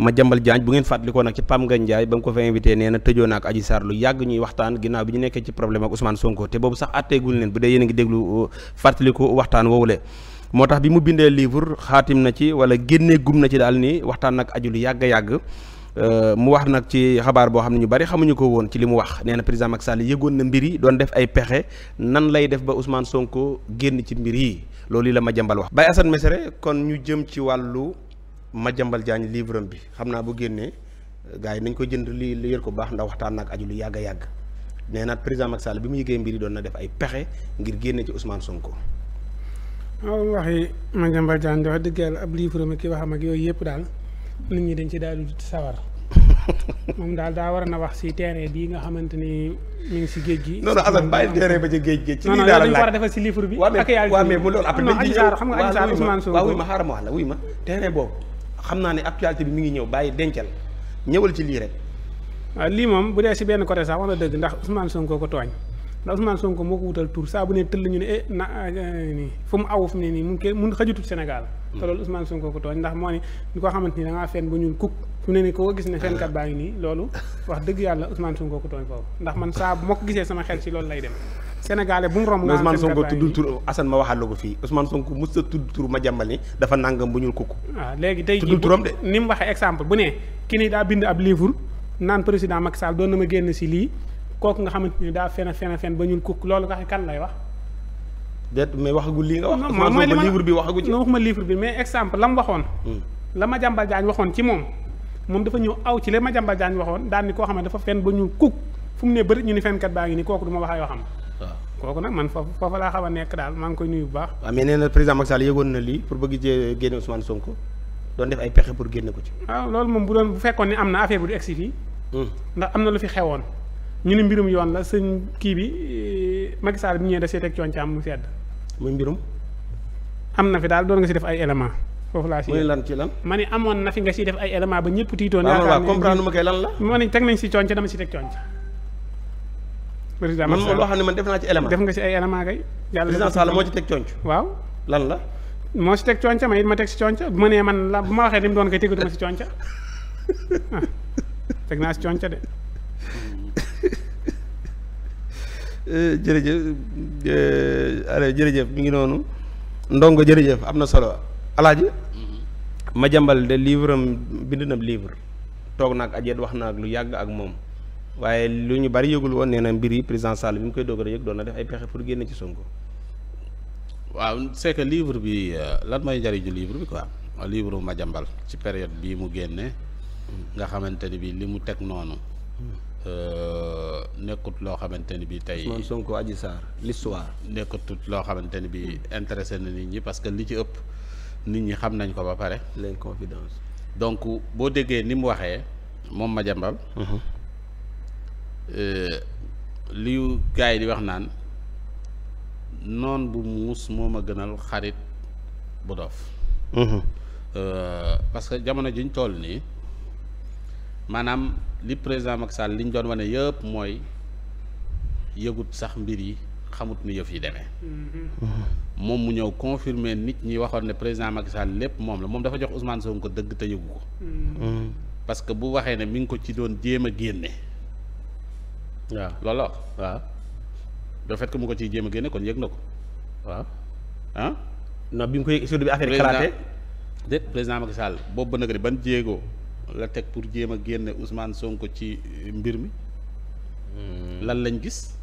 ma jambal jaañ bu ngeen fàttalikoo nag ci Pam Ngagne njaay ba mu ko fa invité nee na tëjoo na ak Adji Sarr lu yàgg ñuy waxtaan ginnaaw bi ñu nekkee ci problème ak Ousmane Sonko te boobu sax àtteegul leen bu dee yéen a ngi déglu euh, fàttaliku waxtaan woowule moo tax bi mu bindee livre xaatim na ci wala génnee gum na ci daal ni waxtaan nag aju lu yàgg yàgg euh, mu wax nag ci xabaar boo xam ne ñu bari xamuñu ko woon ci li mu wax nee na président Macky Sall yëgoon na mbir yi doon def ay pexe nan lay def ba Ousmane Sonko génn ci mbir yi loolu la ma jambal wax. Baye Assane Mesere kon ñu jëm ci wàllu Madiambal Diagne livre am bi xam naa bu génnee gaa yi nañ ko jënd li li yër ko baax ndax waxtaan nag aju lu yàgg a yàgg nee naat président Macky Sall bi mu yëgee mbir yi doon na def ay pexe ngir génne ci Ousmane Sonko. waaw waxi Madiambal Diagne wax dëgg ab livre am ki waxam ak yooyu yëpp daal nit ñi dañ ci daal di sawar moom daal daa war na wax si terrain bii nga xamante ni si géej gi. non non Assane ba ci géej géej. ci lii daal la si livre bi. ak yàlla waaw mais waaw mais mu loolu après. wuy ma xaaral ma wax la wuy ma terrain boobu xam naa ne actualité bi mi ngi ñëw bàyyi dencal ñëwal ci lii rek. waaw ah, lii moom bu dee si benn côté sax wax na dëgg ndax Ousmane Sonko ko tooñ ndax Ousmane Sonko moo ko wutal tur saa bu ne tëll ñu ne eh na eh, nii fu mu awu mu ne nii mun ke mun xajutut loolu Ousmane Sonko ko tooñ ndax moo ñu ko xamante ni da ngaa fen bu ñuul kuk fu ne nii koo gis ne fenkat baa ngi nii loolu wax dëgg yàlla Ousmane Sonko ko tooñ foofu ndax man saa bu ma ko gisee sama xel si loolu lay dem sénégalais bu mu romb nga Ousmane Sonko tuddul tur Assane ma waxal ko fii Ousmane Sonko mës a tudd tur ma jàmbal ni dafa nangam bu ñul kukk waaw ah, léegi tey tuddul turam de ni mu waxee exemple bu ne ki ni daa bind ab livre naan président Macky Sall doon na ma génn si lii kooku nga xamante ni daa fen fen fen ba ñul kukk loolu nga xam kan lay wax déet mais waxagul lii nga wax Ousmane Sonko livre bi waxuma livre bi mais exemple la mu waxoon hmm. la ma jàmbal jaañ waxoon ci moom moom dafa ñëw aw ci la ma jàmbal jaañ waxoon daan koo xam ne dafa ba ñul kukk fu mu ne bëri ñu ngi ni kooku du wax ay waxam kooku nag man foofu foofu laa xaw a nekk daal maa ngi koy nuyu bu baax. waaw mais nee na président Macky Sall yëgoon na lii pour bëgg cee génne Ousmane Sonko doon def ay pexe pour génne ko ci. waaw ah, loolu moom bu doon bu fekkoon ne am na affaire bu du egsi fii. Hmm. ndax am na lu fi xewoon. ñu ne mbirum yoon la sëñ kii bi eh, Macky Sall bi ñëwee da see teg coon mu sedd. muy mbirum. am na fi daal doon nga si def ay éléments. foofu laa si muy lan ci lan. ma ne amoon na fi nga siy def ay éléments ba ñëpp tiitoon. naa comprendre ma kay lan la. ma ne teg nañ si coon dama si teg coon président man moom loo xam ne man def naa ci élément. def nga ci ay élément kay. yàlla président Sall moo ci teg conc waaw lan la. moo si teg conca ma it teg si conca bu ma man la bu ma waxee ni mu ah. teg naa si conca de. Eh, jërëjëf eh, allez jërëjëf mu ngi noonu ndongo jërëjëf am na solo alaaji mm-hmm. ma jambal de livre am bind na livre toog ak ajeet wax naag lu yàgg ak moom. waaye lu ñu bari yëgul woon nee na mbir yi président Sall bi mu koy dogal yëg doon na def ay pexe pour génne ci Sonko. waaw c'est que livre bi euh, lan mooy njëriñu livre bi quoi livre bu Madiambal ci période bii mu génne nga xamante ni bii li mu teg noonu. Euh, nekkut loo xamante ni bii tey. Ousmane Sonko Adji Sarr l'histoire. nekkutut loo xamante ni bii intéressé na nit ñi parce que li ci ëpp nit ñi xam nañ ko ba pare. l'inconfidence. donc boo déggee ni mu waxee moom Madiambal. Mm-hmm. Euh, liyu gars yi di wax naan noon bu muus moom a gënal xarit bu dof mm-hmm. euh, parce que jamono jiñ toll nii maanaam li président Macky Sall liñ doon wane yëpp mooy yëgut sax mbir yi xamut ni yëf yi demee mm-hmm. moom mu ñëw confirmer nit ñi waxoon ne président Macky lépp moom la moom dafa jox Ousmane ko dëgg te yëgu ko mm-hmm. parce que bu waxee ne mi ngi ko ci doon jéem a génne waaw looloo la wax waaw le mu ko ci jéem a génne kon yëg na ko waaw ah non bi mu ko yëg surtout bi affaire karaté déet président Macky Sall boobu ba nag ban jéego la teg pour jéem a génne Ousmane Sonko ci mbir mi hmm. lan lañ gis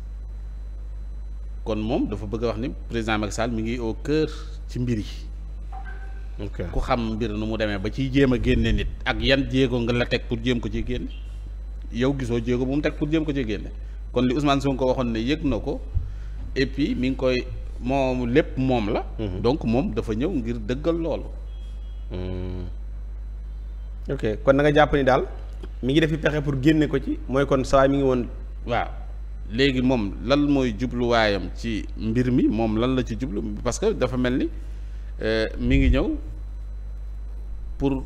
kon moom dafa bëgg a wax ni président Macky Sall mi ngi au cœur ci mbir yi ku xam mbir nu mu demee ba ciy jéem a génne nit ak yan jéego nga la teg pour jéem ko ci génne yow gisoo jéego bu mu teg pour jéem ko cee génne kon li Ousmane Sonko ko waxoon ne yëg na ko et puis mi ngi koy moom lépp moom la. Mhm. donc moom dafa ñëw ngir dëggal loolu. Hmm. ok kon na jàpp ni daal mi ngi def defi pexe pour génne ko ci mooy kon saa mi ngi woon. waaw léegi moom lan mooy jubluwaayam ci mbir mi moom lan la ci jublu parce que dafa mel ni euh, mi ngi ñëw pour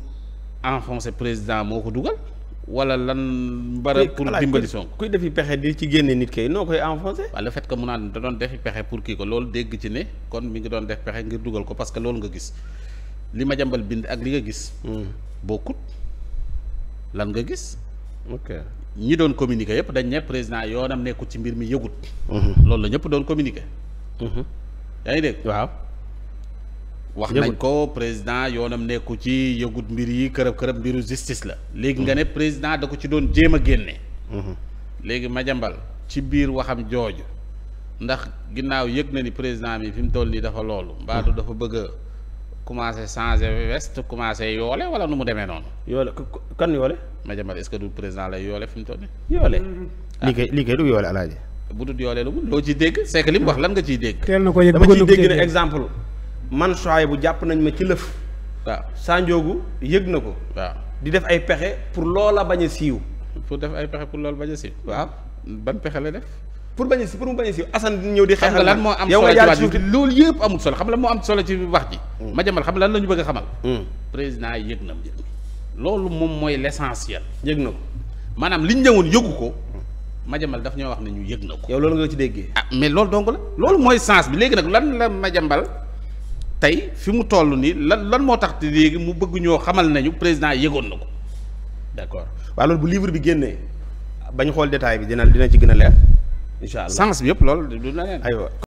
enfoncer président moo ko dugal. wala lan mbara pour dimbali Sonko kuy defi pexe di ci génne nit kay noo koy enfoncé waaw le fait que mu naan da doon defi pexe pour kii ko loolu dégg ci ne kon mi ngi doon def pexe ngir dugal ko parce que loolu nga gis li ma jàmbal bind ak li nga gis hmm. bokkut lan nga gis ok ñi doon communiquer yëpp dañ ne président yoonam nekkut ci mbir mi yëgut hmm. loolu la ñëpp doon communiquer hmm. yaa ngi dégg wax nañ ko président yoonam nekku ci yëgut mbir yi kërëb kërëb mbiru justice la léegi nga ne président da ko ci doon jéem a génne mhm. léegi Madiambal ci biir waxam jooju ndax ginnaaw yëg na ni président mi fi mu toll nii dafa loolu mbaadu mhm. dafa bëgg a commencé changer veste commencé yoole wala nu mu demee noonu yoole kan yoole Madiambal est-ce que du président lay yoole fi mu toll nii yoole ah. liggéey liggéey du yoole alaaji bu dul yoole lu mu loo ciy dégg c'est li mu wax lan man soxaay bu jàpp nañ ma ci lëf waaw sànjoogu yëg na ko waaw di def ay pexe pour loola bañ a siiw pour def ay pexe pour loola bañ a siiw waaw ban pexe la def pour bañ a si pour mu bañ a si Assane di ñëw di. xeexal xam nga lan moo am solo ci wax ji loolu yëpp amul solo xam la moo am solo ci wax ji. ma jëmal xam lan la ñu bëgg a xamal. Hmm. président yëg na mbir mi. loolu moom mooy l'essentiel. yëg na ko maanaam li ñu ñëwoon yëgu ko. ma jëmbal daf ñoo wax ne ñu yëg na ko. yow loolu nga ci déggee. ah mais loolu dong la. loolu mooy sens bi léegi nag lan la ma jëmbal tey fi mu toll nii lan lan moo tax léegi mu bëgguñoo xamal nañu président yëgoon na ko. d'accord waaw loolu bu livre bi génnee bañ xool détail bi dina dina ci gën a leer. incha allah sens bi yëpp loolu du na leen aywa.